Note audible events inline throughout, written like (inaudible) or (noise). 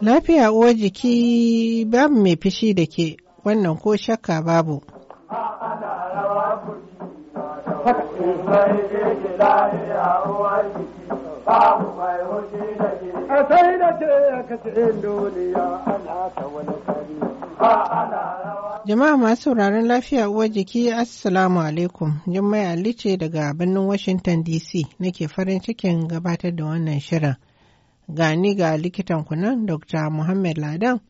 Lafiya uwa jiki babu mai fishi da ke wannan ko shakka babu. Jama'a masu sauraron lafiya uwar jiki Assalamu alaikum. Jummai Ali daga birnin Washington DC nake farin cikin gabatar da wannan shirin. Gani ga likitan kunan Dr. Muhammad Ladan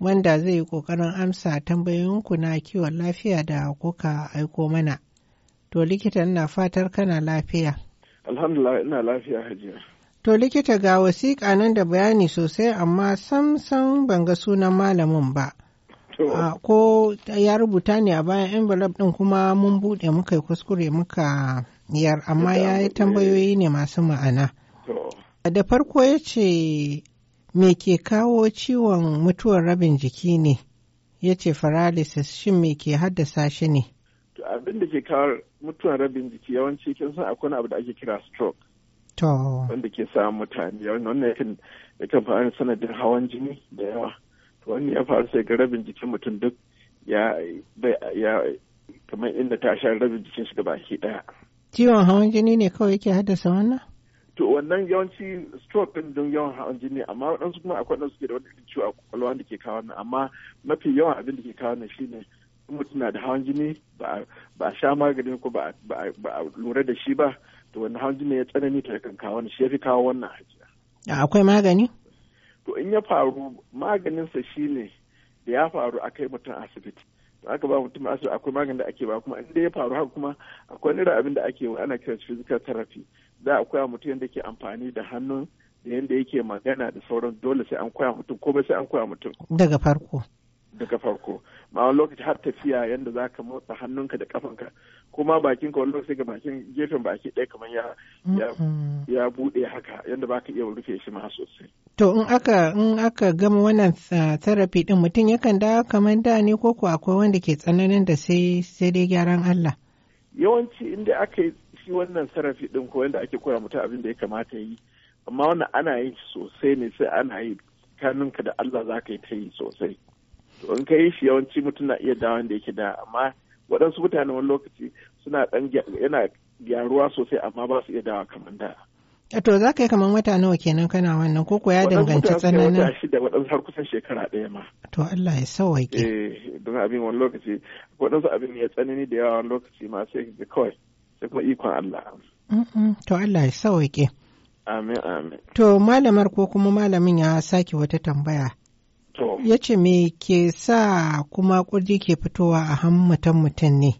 wanda zai yi kokarin amsa tambayoyinku na kiwon lafiya da kuka aiko mana. To likita ina fatar kana lafiya. Alhamdulillah ina lafiya hajiya. To likita ga wasiƙa nan da bayani sosai amma sam sam ban ga sunan malamin ba. ko ya rubuta ne a bayan envelope din kuma mun buɗe muka yi kuskure muka yar amma ya yi tambayoyi ne masu ma'ana da farko ya ce me ke kawo ciwon mutuwar rabin jiki ne ya ce paralysis shin me ke haddasa shi ne abin da ke kawo mutuwar rabin jiki yawanci kin san akwai abu da ake kira stroke wanda ke sa mutane wannan yakan faru sanadin hawan jini da yawa wani ya faru sai ga rabin jikin mutum duk ya kamar inda ta sha rabin jikin shi gaba ke daya ciwon hawan jini ne kawai yake haddasa wannan to wannan yawanci stroke din don yawan hawan jini amma waɗansu kuma akwai waɗansu ke da wani ciwo a kwakwalwa da ke kawo wannan amma mafi yawan abin da ke kawo wannan shine mutum na da hawan jini ba a sha magani ko ba a lura da shi ba to wannan hawan jini ya tsanani ta kan kawo wannan shi ya fi kawo wannan hajiya akwai magani to in ya faru maganin maganinsa shine da ya faru a kai mutum asibiti to aka ba mutum asibiti akwai maganin da ake ba kuma in ya faru haka kuma akwai nira abin da ake ana kira physical therapy za a koya mutum yadda ke amfani da hannun da yadda yake magana da sauran dole sai an koya mutum ko sai an koya mutum daga farko daga farko ma wani lokaci har tafiya yadda za ka motsa hannunka da kafanka ma bakin ka wani lokaci ga bakin gefen baki ɗaya kamar ya ya mm-hmm. buɗe haka yadda ba ka iya rufe shi ma sosai. To in aka in aka gama wannan ah, therapy din mutum yakan da kamar da ne ko ko akwai wanda ke tsananin da sai sai dai gyaran Allah. Yawanci inda aka yi wannan therapy din ko yadda ake koya mutum abin da ya kamata yi amma wannan ana yin sosai ne sai ana yi kanunka da Allah za ka yi ta yi sosai. to in ka yi shi yawanci mutum na iya dawon da yake da amma waɗansu mutane wani lokaci suna ɗan yana gyaruwa sosai amma ba su iya dawa kamar da. Eh, to za ka yi kamar wata nawa kenan kana wannan ko ko ya danganci tsananin wata shida waɗansu har kusan shekara ɗaya ma to Allah ya sauwaƙe eh don abin wani lokaci waɗansu abin ya tsanani da yawa wani lokaci ma sai ka kawai sai kuma ikon Allah to Allah ya sauwaƙe amin amin to malamar ko kuma malamin ya sake wata tambaya ya ce me ke sa kuma kurji ke fitowa a hammatan mutum ne?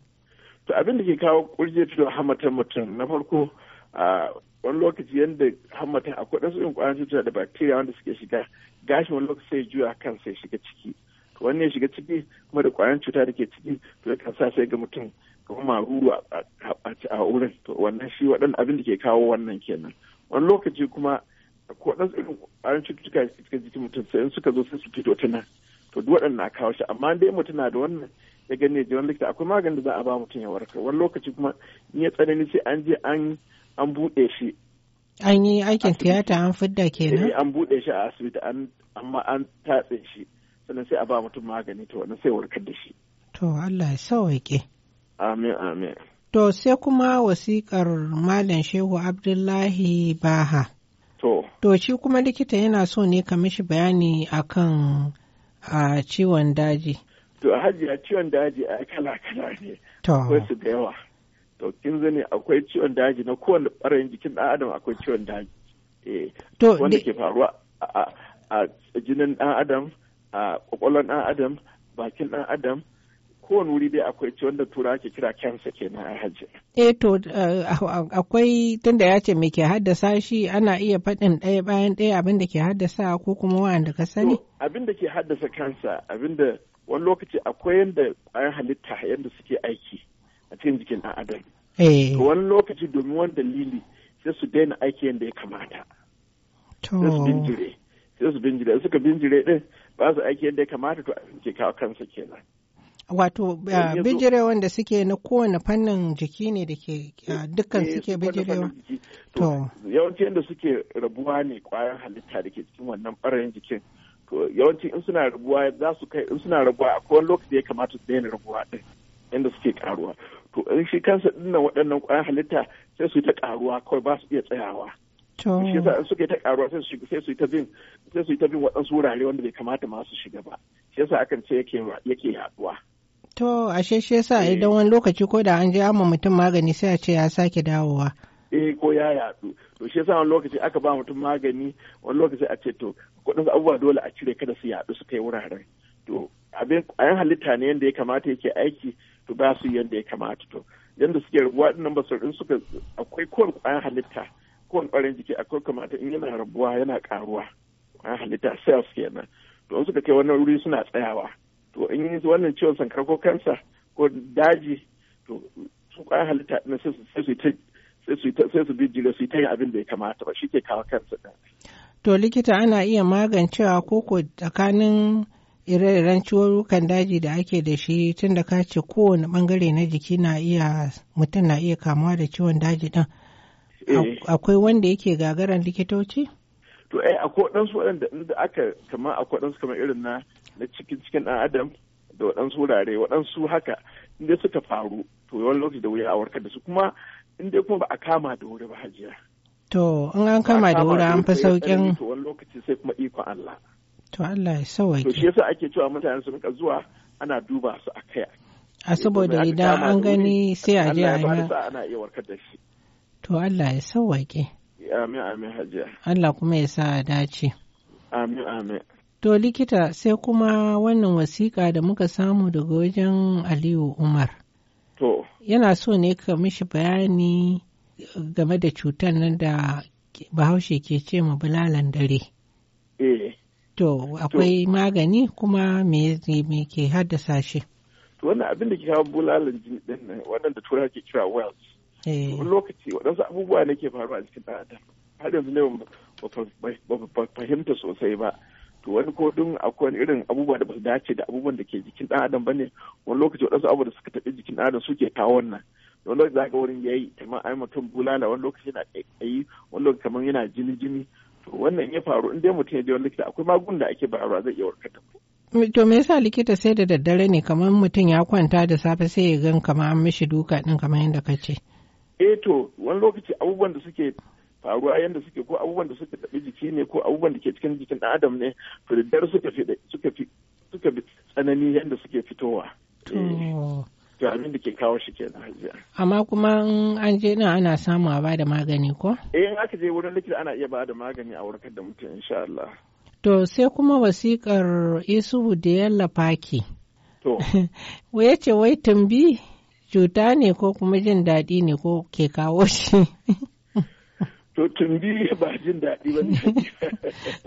To abin da ke kawo kurji fitowa a hammatan mutum na farko a wani lokaci yadda hammatan a kudin yin kwanan cuta da bakteriya wanda suke shiga gashi wani lokaci sai juya kan sai shiga ciki. Wani ya shiga ciki kuma da ƙwayan cuta da ke ciki to ya kan sa sai ga mutum kamar maruru a wurin to wannan shi waɗanda abin da ke kawo wannan kenan. Wani lokaci kuma ko dan irin ƙwayoyin cututtuka su cikin jikin mutum sai suka zo sai su fito ta nan to duk waɗannan na kawo shi amma dai mutum na da wannan ya gane jiran likita akwai maganin da za a ba mutum ya warkar wani lokaci kuma in ya tsanani sai an je an an buɗe shi an yi aikin tiyata an fidda kenan eh, an buɗe shi a asibiti amma an tatse shi sannan sai a ba mutum magani to wannan sai warkar da shi to Allah ya sauke amin amin to sai kuma wasikar malam shehu abdullahi baha To. To shi kuma likita yana so ne ka mishi bayani akan a ciwon daji. To a hajiya ciwon daji a kala kala ne. Akwai su da yawa. To kin zane akwai ciwon daji na kowane ɓarayin jikin ɗan adam akwai ciwon daji. Eh, to. Wanda ke faruwa a jinin ɗan adam a ƙwaƙwalon ɗan adam bakin ɗan adam kowane wuri dai akwai ce wanda tura ke kira kansa kenan a hajji. Eh to eh, akwai tunda ya ce me ke haddasa shi ana iya faɗin ɗaya bayan ɗaya abin da ke haddasa ko kuma wanda ka sani? Abin da ke haddasa kansa abin da wani lokaci akwai yadda ƙwayar halitta yadda suke aiki a cikin jikin ɗan adam. Eh. Wani lokaci domin wani dalili sai su daina aiki yadda ya kamata. Sai su binjire. Sai su binjire. Suka binjire ɗin ba su aiki yadda ya kamata to abin ke kawo kansa kenan. Wato uh, bijirewa wanda suke na kowane fannin jiki ne da ke uh, eh, dukkan eh, suke bijirewa? To. Yawanci yadda suke rabuwa ne kwayan halitta da ke cikin wannan ɓarayin jikin. To yawanci in suna rabuwa za su kai in suna rabuwa a kowane lokaci ya kamata su daina rabuwa din inda suke karuwa. To in shi kansa nan waɗannan kwayan halitta sai su yi ta karuwa kawai ba su iya tsayawa. shi yasa in suke ta karuwa sai su sai su yi ta bin sai su yi ta bin waɗansu wurare wanda bai kamata ma su shiga ba shi yasa akan ce yake yake yaduwa To, ashe shi yasa idan eh. wani lokaci ko da an je amma mutum magani sai a ce ya sake dawowa. Eh ko ya yadu. To shi yasa wani lokaci aka ba mutum magani wani lokaci a ce to kudin abubuwa dole a cire kada su yadu su kai wuraren. To abin yan halitta ne yadda ya kamata yake aiki to ba su yadda ya kamata to. Yanda suke rabuwa din nan ba su suka akwai kowane kwayan halitta kowane kwarin jiki akwai kamata in yana rabuwa yana karuwa. Kwayan halitta cells kenan. To in suka kai wani wuri suna tsayawa. to in yi wannan ciwon sankara ko kansa ko daji to su kwaya halitta na sai su bi su su yi ta yin abin da ya kamata ba shi ke kawo kansa da To likita ana iya magancewa ko ko tsakanin ire-iren ciwon daji da ake da shi tun da ka ce kowane bangare na jiki na iya mutum na iya kamuwa da ciwon daji din eh. Akwai wanda yake gagaran likitoci? To ai eh, akwai waɗansu waɗanda aka kamar akwai waɗansu kamar irin na na cikin cikin ɗan adam da waɗansu wurare waɗansu haka inda suka faru to yawan lokaci da wuya a warkar da su kuma inda kuma ba a kama da wuri ba hajiya. To in an kama da wuri an fi sauƙin. To wani lokaci sai kuma ikon Allah. To Allah ya sawaike. To shi yasa ake cewa mutane su rika zuwa ana duba su a kai. A saboda idan an gani sai a je a yi. ana iya warkar da shi. To Allah ya sawaike. Amin amin hajiya. Allah kuma ya sa a dace. Amin amin. To likita sai kuma wannan wasiƙa da muka samu daga wajen Aliyu Umar. To. Yana so ne ka mishi bayani game da cutar nan da bahaushe ke ce ma bulalan dare. Eh. To, akwai magani kuma me ke haddasa shi? To, wannan abin da ke hawa bulalan jini ɗin nan, wannan da tura ke kira Wells. Eh. Wani lokaci waɗansu abubuwa ne ke faruwa a cikin ɗan Adam. Har yanzu ne ba fahimta sosai ba. to wani ko din akwai irin abubuwa da ba su dace da abubuwan da ke jikin ɗan adam bane wani lokaci waɗansu abu da suka taɓi jikin ɗan adam suke kawo wannan wani lokaci zaka wurin yayi kamar ai mutum bulala wani lokaci yana ƙaiƙayi wani lokaci kamar yana jini jini to wannan ya faru in dai mutum ya je wani likita akwai magun da ake bayarwa zai iya warkar da to me yasa likita sai da daddare ne kamar mutum ya kwanta da safe sai ya gan kamar an mishi duka din kamar yadda ka ce eh to wani lokaci abubuwan da suke faruwa yadda suke ko abubuwan da suka taɓi jiki ne ko abubuwan da ke cikin jikin ɗan adam ne to da dare suka fi suka fi suka bi tsanani yadda suke fitowa. Eh, to abin da ke kawo shi na hajiya. Amma kuma an je nan ana samu a bada magani ko? Eh in aka je wurin likita ana iya bada magani a warkar da mutum insha Allah. To sai kuma wasikar Isuhu da yallafa ki. To. (laughs) Waya ce wai tambi cuta ne ko kuma jin daɗi ne ko ke kawo shi. (laughs) to tumbi (laughs) ba jin daɗi ba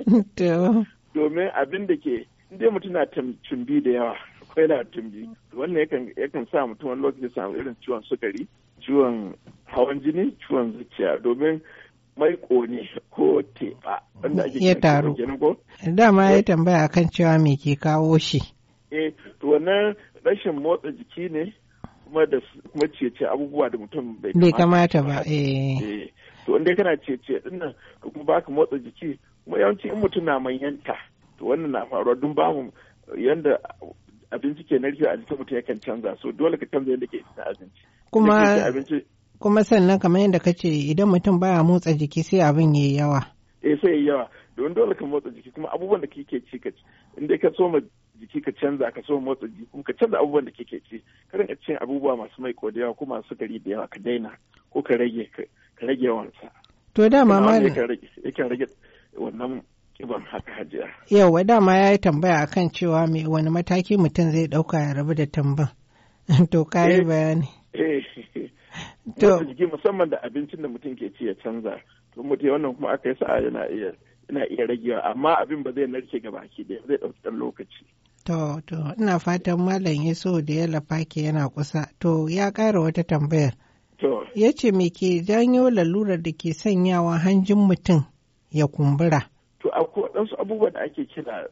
ne (laughs) domin abin da ke inda mutum na tumbi da yawa akwai na tumbi wannan yakan sa mutum wani lokaci samu irin ciwon sukari ciwon hawan jini ciwon zuciya domin mai ne ko teɓa wanda ake ya taru dama ya eh. tambaya akan cewa me ke kawo shi eh to wannan rashin motsa jiki ne kuma da kuma abubuwa da mutum bai kamata ba eh. Eh. to in dai kana cece din nan ka kuma baka motsa jiki kuma yawanci in mutum na manyanta to wannan na faruwa dun bamu yanda abinci ke narkewa a jikin mutum yakan canza so dole ka canza yadda ke cin abinci kuma kuma sannan kamar yadda ka ce idan mutum baya motsa jiki sai abin yayi yawa eh sai yayi yawa don dole ka motsa jiki kuma abubuwan da kike ci ka ci in dai ka soma jiki ka canza ka so motsa jiki kuma ka canza abubuwan da kike ci ka rinka cin abubuwa masu mai ko da yawa ko masu gari da yawa ka daina ko ka rage ka. rage yawansa. To dama ma yakan rage wannan kiban haka hajiya. Yawwa dama ya yi tambaya akan cewa me wani mataki mutum zai ɗauka ya rabu da tambar. (laughs) to kare eh, bayani. Eh, (laughs) to jiki musamman da abincin da mutum ke ci ya canza. To mutum wannan kuma aka yi sa'a yana iya yana iya ragewa amma abin ba zai narke ga baki da zai ɗauki ɗan lokaci. To to ina fatan malam Yeso da ya lafa ke yana kusa. To ya ƙara wata tambayar. Ya ce me ke janyo lalurar da ke sanyawa hanjin mutum ya kumbura. To akwai waɗansu abubuwa da ake kira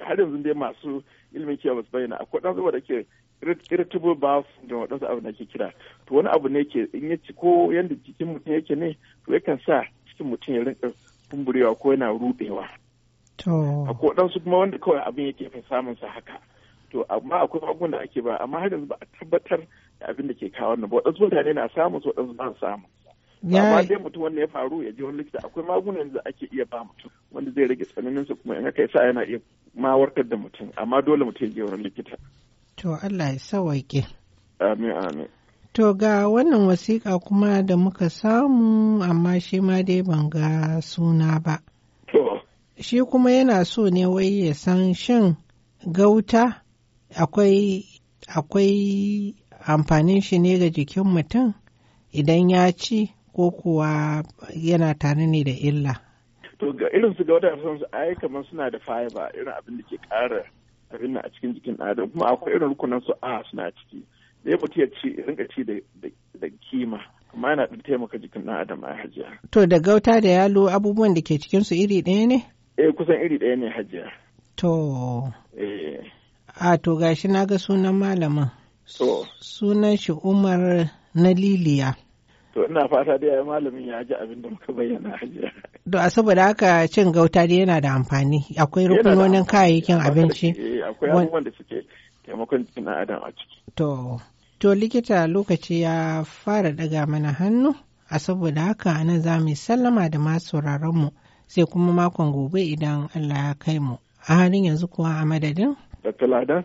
har yanzu dai masu ilimin kiyawa ba su bayyana akwai waɗansu abubuwa da ke irritable bowel syndrome waɗansu abu da ake kira. To wani abu ne ke in ya ci ko yadda jikin mutum yake ne to yakan sa cikin mutum ya rinka kumburewa ko yana ruɗewa. To. Akwai waɗansu kuma wanda kawai abin yake fi samun sa haka. To amma akwai abubuwan da ake ba amma har yanzu ba a tabbatar abin da ke kawo wannan ba waɗansu mutane na samu su wadansu ba samu amma dai mutum wanda ya faru ya je wani likita akwai magunan da ake iya ba mutum wanda zai rage tsananin su kuma in aka sa yana iya ma warkar da mutum amma dole mutum ya je wani likita to Allah ya sawaike amin amin to ga wannan wasiƙa kuma da muka samu amma shi ma dai ban ga suna ba to shi kuma yana so ne wai ya san shin gauta akwai akwai amfanin shi ne ga jikin mutum idan ya ci ko kuwa yana tare ne da illa. To ga irin su ga wadanda su ai kamar suna da fiber irin abin da ke ƙara abin a cikin jikin adam kuma akwai irin rukunan su a suna ciki. Ne mutu ya ci rinka ci da kima amma yana da taimaka jikin ɗan adam a hajiya. To da gauta da yalo abubuwan da ke cikin su iri ɗaya ne? Eh kusan iri ɗaya ne hajiya. To. Eh. A to gashi na ga sunan malamin. So. Sunan shi Umar na Liliya. To ina fata da ya malamin ya ji abin da muka bayyana hajiya. To a saboda haka cin gauta dai yana da amfani. Akwai rukunonin kayayyakin abinci. Eh, akwai abubuwan da suke taimakon jikin adam a ciki. To, to likita lokaci ya fara daga mana hannu. A saboda haka nan za mu sallama da masu mu sai kuma makon gobe idan Allah ya kai mu. A halin yanzu kuwa a madadin? Dr. Ladan.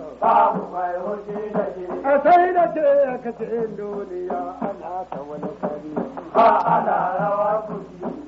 babu da a sai ce ka ce duniya ana ta wani kari ba ana rawa kuɗi